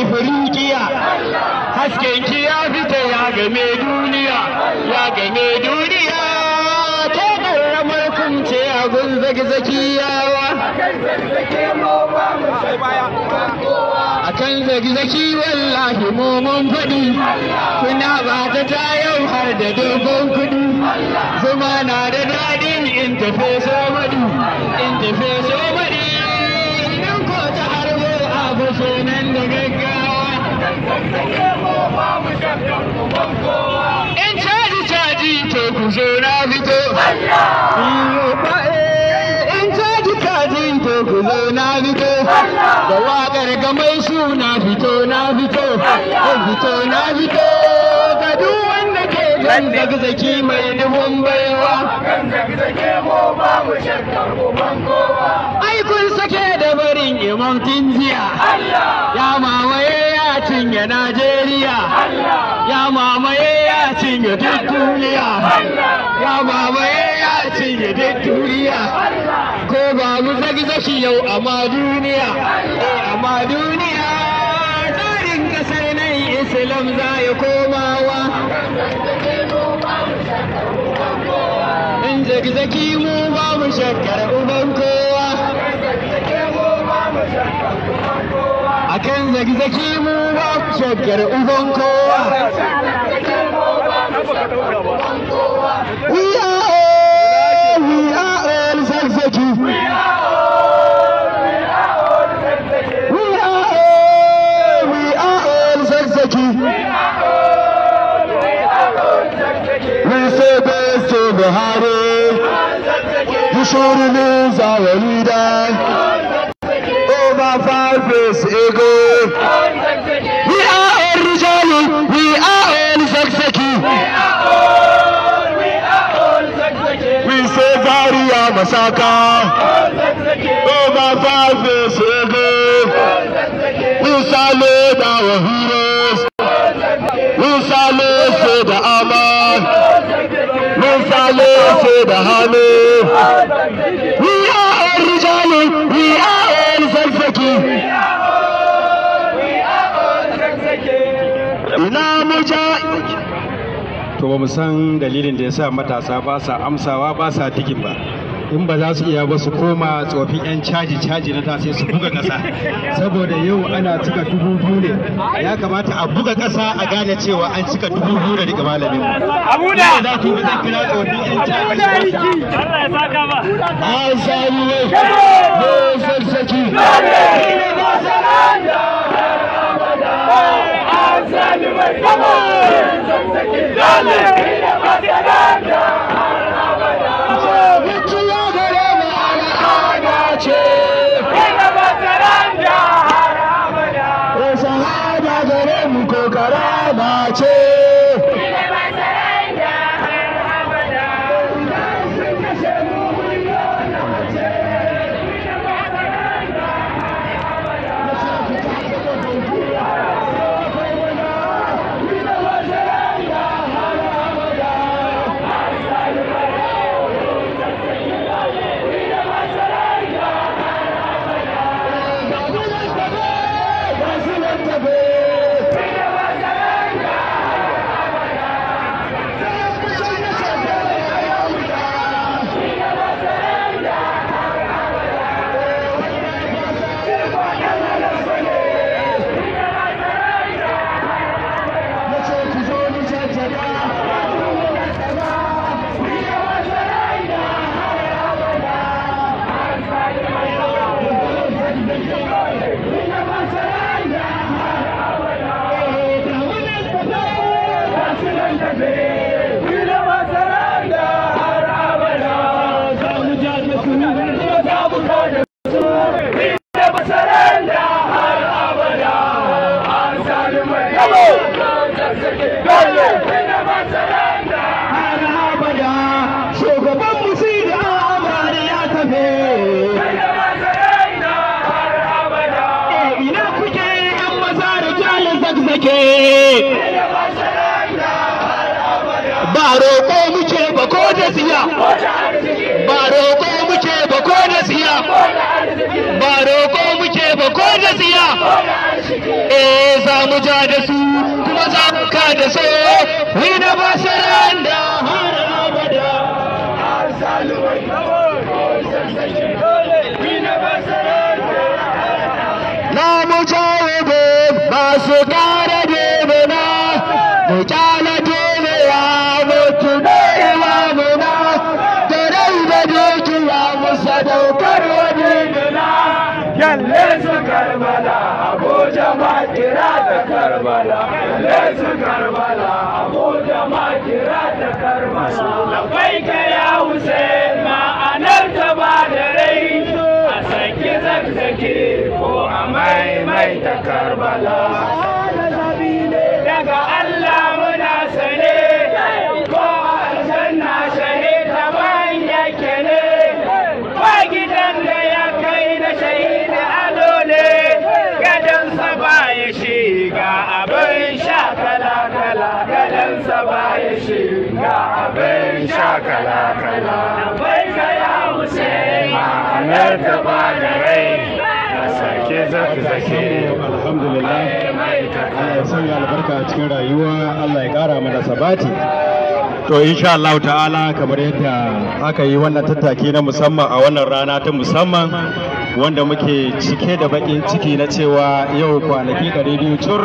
ifirikiya hasken ki ya fita ya game duniya ya game duniya ta karramar kunce a gun zagzaki yawa a kan zagzaki wallahi mu mun faɗi kuna ba ta ta yau har da dogon kudi zuma na da daɗin in tafe somadu in tafe somadu nan ko ta harbo abu sunan da gaggawa In caji caji to ku na fito. In caji caji to ku na fito. Da waƙar gamai su na fito na fito. In fito na fito. Ga duk wanda ke gan zagzaki mai dubun baiwa. Gan zagzaki mu ba mu shakkar mu ban kowa. Ai kun sake da barin imam jiya. Ya mamaye cinye Najeriya ya mamaye ya cinye duk duniya ya mamaye ya cinye duk duniya ko ba mu zagi yau amma duniya amma duniya tsarin kasar nan Islam za ya komawa in zagi mu ba mu shakkar uban kowa Aken zeki zeki muvat şekeri uzun kova We are all, we are all zeki zeki We are all, we are all zeki zeki We say best to Buhari You should lose our leader Peace Eagle. We are all Rijali. We are all Zakzaki. We are all, we are all Zakzaki. We say Zaria Masaka. Over five Peace Eagle. We salute our heroes. We salute Seda Aman. We salute Seda Hamid. to ba mu san dalilin da ya sa matasa ba sa amsawa ba sa tikin ba in ba za su iya ba su koma tsofin 'yan caji caji na ta sai su buga ƙasa saboda yau ana cika dubu biyu ne ya kamata a buga ƙasa a gane cewa an cika dubu biyu da daga malamin mu da za ku zan kira tsofin 'yan caji Allah ya saka ba an sami wai ne sassaki ne ne Come on! roƙo muke ba ko da siya ba roƙo muke ba ko da siya ba roƙo muke ba ko da siya eh za mu ja da su kuma za mu ka da so ni na basaran da har abada ta karbala daga Allah muna sane ko aljanna sane ta yake ne ba gidan da ya kai na shahida ado ne gadonsa ba ya shiga abin shakala kala ba ya shiga abin sha kala kala bai ga ya wuce ma'anar ta ba da rai zaki zake alhamdulillah Allah ya sanya albarka a cikin rayuwa Allah ya kara mana sabati to insha Allah ta'ala kamar yadda aka yi wannan tattaki na musamman a wannan rana ta musamman wanda muke cike da bakin ciki na cewa yau kwanaki ɗari biyu cur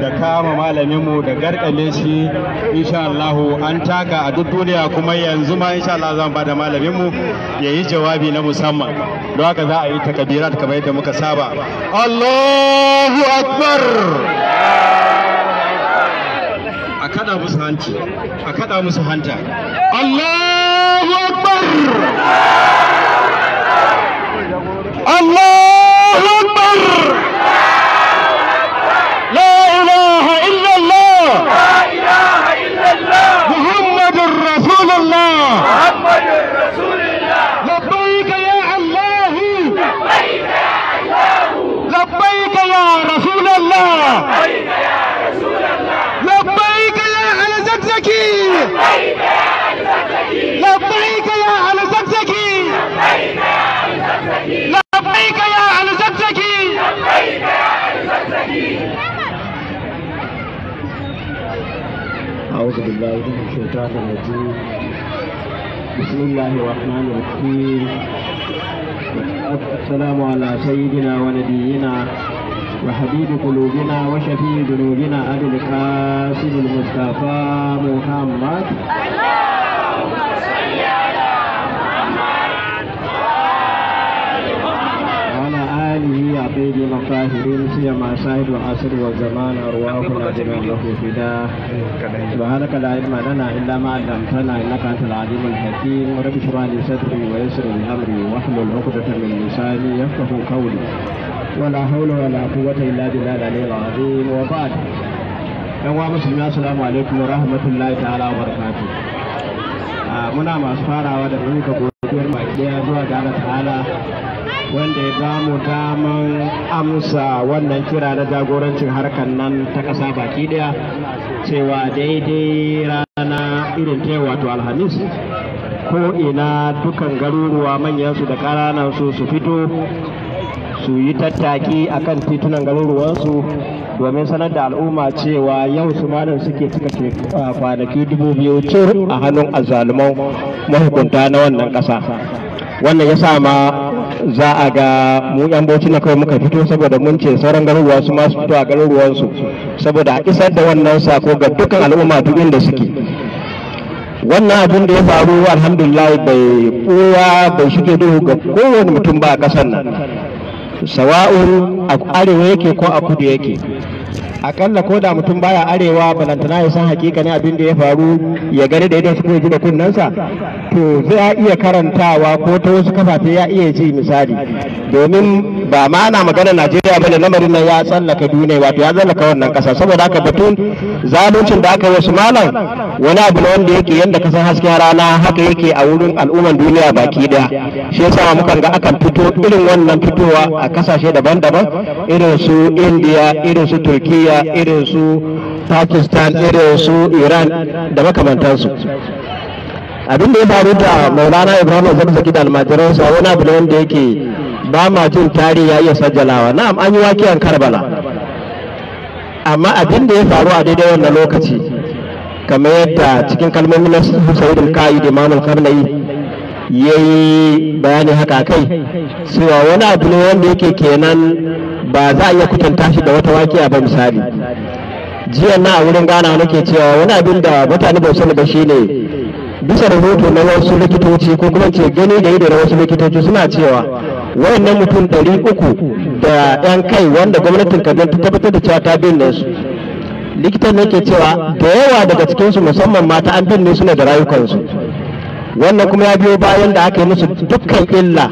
da kama malaminmu da garkame shi insha Allahu an taka a duk duniya kuma yanzu ma insha Allah zan bada malaminmu ya yi jawabi na musamman don haka za a yi takabirat kamar yadda muka saba Allahu Akbar a kada musu hanci a kada musu hanta Allahu Akbar بالله من الشيطان الرجيم بسم الله الرحمن الرحيم السلام على سيدنا ونبينا وحبيب قلوبنا وشفيع ذنوبنا أبي القاسم المصطفى محمد والموحدين والطاهرين سيما سائد وعصر والزمان أرواحنا جميعا له فداه سبحانك لا علم لنا إلا ما علمتنا إنك أنت العليم الحكيم رب اشرح لي صدري ويسر لي أمري واحلل عقدة من لساني يفقه قولي ولا حول ولا قوة إلا بالله العلي العظيم وبعد yan musulmi السلام عليكم ورحمة الله تعالى وبركاته barakatu muna masu farawa da nuna godiyar baki daya zuwa ga Allah ta'ala wanda ya mu daman amsa wannan kira na jagorancin harkar nan ta ƙasa baki ɗaya cewa daidai rana irin ta wato alhamis ko ina dukan garuruwa manyansu da ƙaranansu su fito su yi tattaki akan titunan garuruwansu domin sanar da al'umma cewa yau su malam suke cika kwanaki dubu biyu cur a hannun azzaluman mahukunta na wannan ƙasa wannan ya sa ma za a ga mu yan bauchi na kawai muka fito saboda mun ce sauran garuruwa su masu fito a garuruwansu saboda a isar da wannan sako ga dukkan al'umma duk inda suke wannan abin da ya faru alhamdulillah bai kowa bai shige duhu ga kowane mutum ba a kasar nan sawa'un a arewa yake ko a kudu yake akalla ko da mutum baya arewa balantana ya san hakika ne abin da ya faru ya gani da idan suka ji da sa to zai iya karantawa ko ta wasu kafafe ya iya ji misali domin ba ma na magana najeriya ba da lamarin nan ya tsallaka duniya wato ya tsallaka wannan kasa saboda haka batun zaluncin da aka yi wasu malam wani abu ne wanda yake yanda kasan hasken rana haka yake a wurin al'umman duniya baki daya shi yasa muka ga akan fito irin wannan fitowa a kasashe daban-daban irin su indiya irin su turkiya India irin su Pakistan irin su Iran da makamantansu abin da ya faru da Maulana Ibrahim Zakzaki da almajiransa wani abu ne wanda yake ba ma jin tari ya iya sajjalawa na'am an yi wakiyan Karbala amma abin da ya faru a daidai wannan lokaci kamar yadda cikin kalmomin na Sa'id ka'i da imamul al ya yayi bayani haka kai cewa wani abu ne wanda yake kenan ba za a iya kutanta shi da wata wakiya ba misali jiya na a wurin gana nake cewa wani abin da mutane ba sani ba shine bisa rahoto na wasu likitoci ko kuma ce gani da yi da wasu likitoci suna cewa wayannan mutum ɗari uku da yan kai wanda gwamnatin kaduna ta tabbatar da cewa ta binne su likitan ne ke cewa da yawa daga cikinsu musamman mata an binne su ne da rayukansu wannan kuma ya biyo bayan da aka yi musu dukkan illa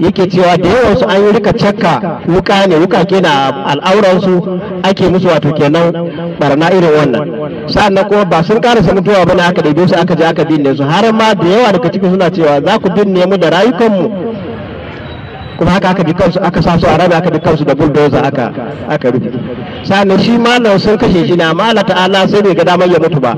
yake cewa da yawan su an yi rika cakka wuka ne wuka ke na al'auransu ake musu wato kenan barna irin wannan sannan kuma ba sun karasa mutuwa bane aka ɗebe su aka je aka binne su har ma da yawa daga ciki suna cewa za ku binne mu da rayukan mu kuma haka aka bi kansu aka sa su a rabe aka bi kansu da bulldozer aka aka rufe sannan shi malam sun kashe shi na mala ta'ala sai bai ga damar ya mutu ba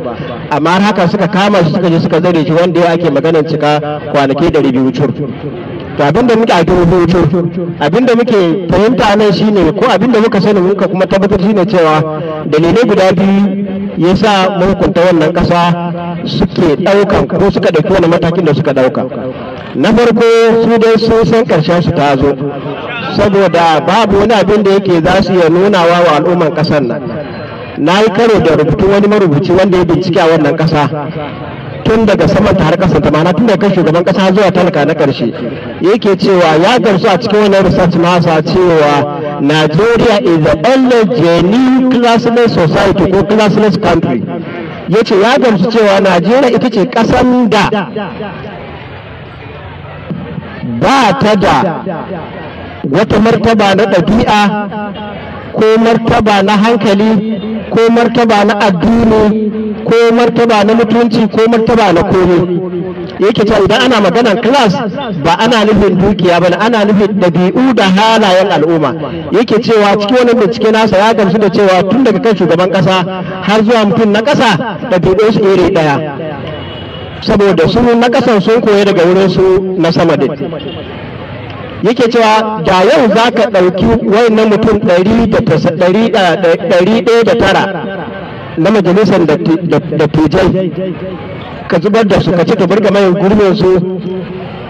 amma haka suka kama shi suka je suka zare shi wanda ya ake maganar cika kwanaki da ribi wucur to abinda muke a abin abinda muke fahimta nan shine ko abinda muka sani muka kuma tabbatar shine cewa dalilai guda biyu ya sa mahukunta wannan kasa suke daukan ko suka dauki wani matakin da suka dauka na farko su dai sun san karshen su ta zo saboda babu wani abin da yake za su iya nunawa wa al'umman kasar nan na yi karo da rubutu wani marubuci wanda ya bincike a wannan kasa tun daga saman ta har kasa ta mana tun daga shugaban kasa zuwa talaka na karshe yake cewa ya gamsu a cikin wannan research nasa cewa Nigeria is the only genuine classless society ko classless country yace ya gamsu cewa Najeriya ita ce kasan da ba ta da wata martaba na ɗabi'a ko martaba na hankali ko martaba na addini ko martaba na mutunci ko martaba na kome yake cewa idan ana maganar class ba ana nufin dukiya ba ana nufin ɗabi'u da halayen al'umma yake cewa cikin wani bincike nasa ya gamsu da cewa tun daga kan shugaban ƙasa har zuwa mutum na ƙasa ɗabi'u su iri ɗaya saboda su na kasan sun koya daga wurinsu na sama da yake cewa da yau za ka ɗauki wayannan mutum ɗari da tara na majalisar dattijai ka zubar da su ka ci ka burga mai gurbin su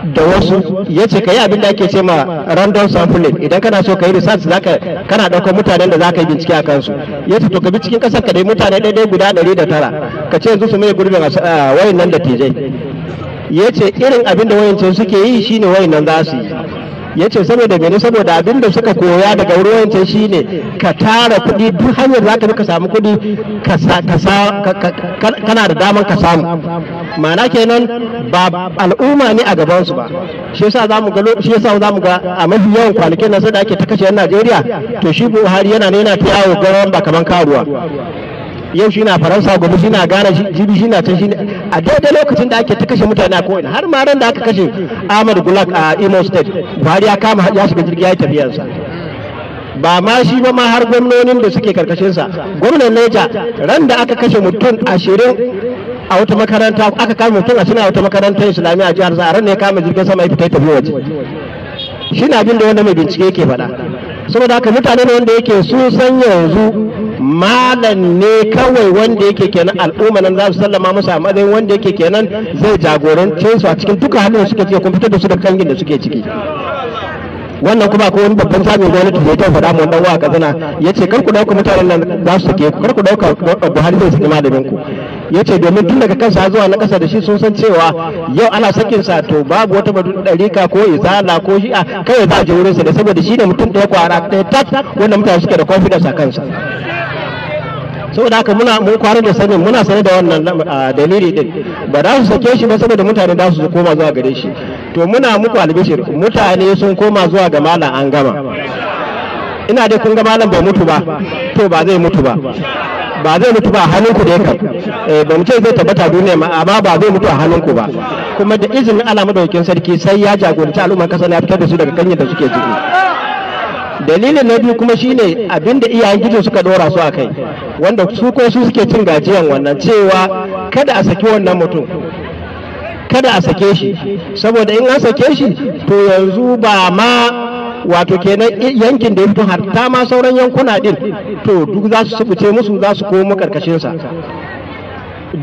da wasu ya ce ka yi abin da ake ce ma random sampling idan kana so ka yi research zaka kana ɗaukar mutanen da za ka yi bincike a kansu ya ce to ka bi cikin ƙasar ka dai mutane ɗaiɗai guda ɗari da tara ka ce yanzu su mai gurbin ah, wayan nan da tijai ya ce irin abin da wayancin suke yi shine wayan nan za su yi ya ce saboda mene saboda abin da suka koya daga wurin wancan shine ka tara kuɗi duk hanyar za ka bi ka samu kuɗi kana da damar ka samu mana kenan ba al'umma ne a gabansu ba shi yasa za mu ga shi yasa za mu ga a mafi yawan kwanakin nan sai da ake ta kashe yan Najeriya to shi Buhari yana ne yana ta yawo gawan ba kaman karuwa yau shi na faransa gobe shi na gana jibi shi na can shi a daidai lokacin da ake ta kashe mutane a kowane har ma ran da aka kashe ahmad gulak a imo state buhari ya kama ya shiga jirgi ya yi tafiyarsa ba ma shi ba ma har gwamnonin da suke karkashinsa gwamnan neja ran da aka kashe mutum ashirin a wata makaranta aka kama mutum a suna wata makarantar islamiyya a jihar sa ran ne ya kama jirgin sama ya fita tafi waje shi na abin da wanda mai bincike yake faɗa saboda haka mutane ne wanda yake su san yanzu malam ne kawai wanda yake kenan al'umma nan za su sallama musu a matsayin wanda yake kenan zai jagorance su a cikin duka halin da suke ciki kuma fitar da su da kangin da suke ciki wannan kuma akwai wani babban sami zai da ya ta faɗa mu dan wa kazana ya kar ku dauka mutanen nan za su sake ku kar ku Buhari zai saki malamin ku ce domin tun daga kansa zuwa na kasa da shi sun san cewa yau ana sakin sa to babu wata badu ɗarika ko izala ko shi'a kai za a je wurin sa da saboda shi ne mutum ɗaya kwara ɗaya tat wanda mutane suke da confidence a kansa saboda haka muna mun kwana da sanin muna sanar da wannan dalili din ba za su sake shi ba saboda mutane za su koma zuwa gare shi to muna muku albishir mutane sun koma zuwa ga malam an gama ina dai kun ga malam bai mutu ba to ba zai mutu ba ba zai mutu ba a hannunku da yakan eh, ba mu ce zai tabbata duniya amma ba zai mutu a hannunku ba kuma da izinin Allah madaukakin sarki sai ya jagoranci al'ummar kasa na fitar da su daga kanyar da suke ciki dalilin na biyu kuma shine abinda iyayen gidan suka dora su a kai wanda su ko su suke cin gajiyan wannan cewa kada a saki wannan mutum kada a sake shi saboda in an sake shi to yanzu ba ma wato kenan yankin da ya fito hatta ma sauran yankuna din to duk za su sufuce musu za su komo karkashinsa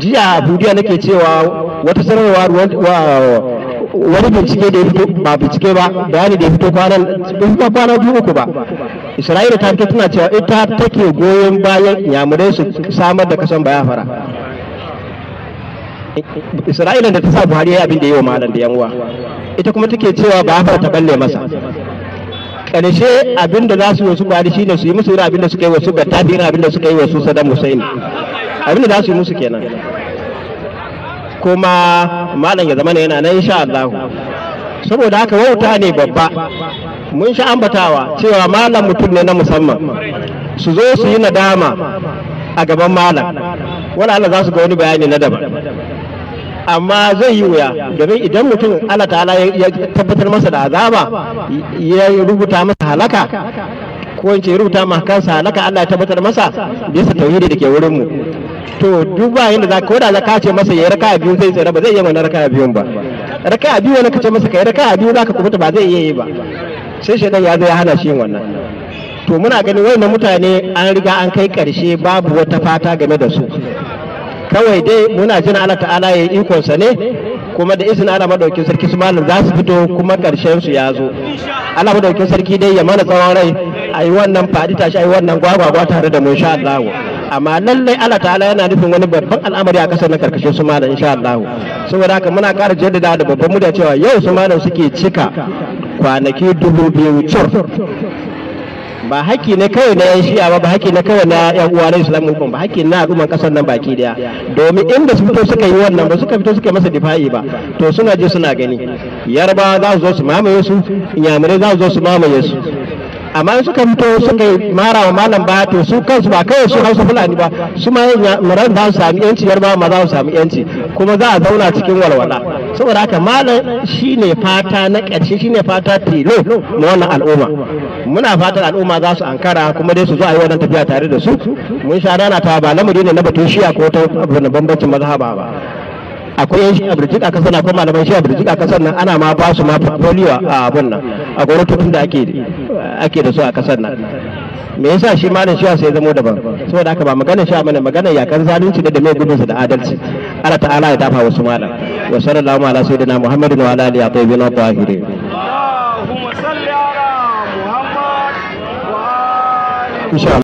jiya budiya nake cewa wata sanarwa wani bincike da ya fito ba bincike ba bayani da ya fito kwanan ba kwana biyu uku ba isra'ila ta fito tana cewa ita take goyon bayan yamurai su samar da kasan bayafara isra'ila da ta sa buhari ya abin da yi wa malam da yanwa ita kuma take cewa bayafara ta balle masa karshe abin da za su yi wasu buhari shine su yi musu irin abin da suka yi wasu ga irin abin da suka yi wasu saddam hussein abin da za su yi musu kenan kuma malam ya zama yana nan sha Allah saboda haka wauta ne babba mun sha ambatawa cewa malam mutum ne na musamman su zo su yi nadama a gaban malam wala Allah za su ga wani bayani na daban amma zai yi wuya domin idan mutum Allah ta'ala ya tabbatar masa da azaba ya rubuta masa halaka ko in ce rubuta ma kansa halaka Allah ya tabbatar masa bisa tauhidi da ke wurin mu to duk ba yanda za ko da za ka ce masa ya raka biyu zai tsira ba zai iya mana raka biyu ba raka biyu wani ka ce masa kai raka biyu za ka kubuta ba zai iya yi ba sai shaidan ya zo ya hana shi yin wannan to muna ganin wani mutane an riga an kai karshe babu wata fata game da su kawai dai muna jin Allah ta'ala ya yi ikonsa ne kuma da izinin Allah madaukin sarki su malam za su fito kuma karshen su ya zo Allah madaukin sarki dai ya mana tsawon rai a yi wannan fadi tashi a yi wannan gwagwagwa tare da mu insha Allah amma lallai Allah ta'ala yana nufin wani babban al'amari a kasar na karkashin su malam insha Allah saboda haka muna ƙara jaddada da babban muda cewa yau su malam suke cika kwanaki dubu biyu cur ba haƙƙi ne kawai na yan shi'a ba ba haƙƙi ne kawai na yan uwa na islam ba haƙƙi na al'umman ƙasar nan baki daya domin inda su fito suka yi wannan ba suka fito suka masa difa'i ba to suna je suna gani yarbawa za su zo su mamaye su inyamurai za su zo su mamaye su amma suka fito suka yi mara wa malam ba to su kansu ba kai su hausa fulani ba su ma maran za su sami yanci ba ma za su sami yanci kuma za a zauna cikin walwala saboda haka malam shine fata na ƙarshe shine fata tilo na wannan al'umma muna fatan al'umma za su ankara kuma dai su zo a yi wannan tafiya tare da su mun sha rana ta ba lamari ne na batun shiya ko ta bambancin mazhaba ba akwai yan shiya birjik a kasar akwai malaman shiya birjik a kasar nan ana ma ba su ma portfolio a abun nan a gwamnatocin da ake ake da su a kasar nan me yasa shi malam sha sai zamo daban saboda haka ba magana a mana magana ya kan zalunci da mai gudunsa da adalci Allah ta'ala ya dafa wasu malam wa sallallahu ala sayyidina muhammadin wa ala alihi tayyibin tahirin Allahumma salli ala muhammad wa alihi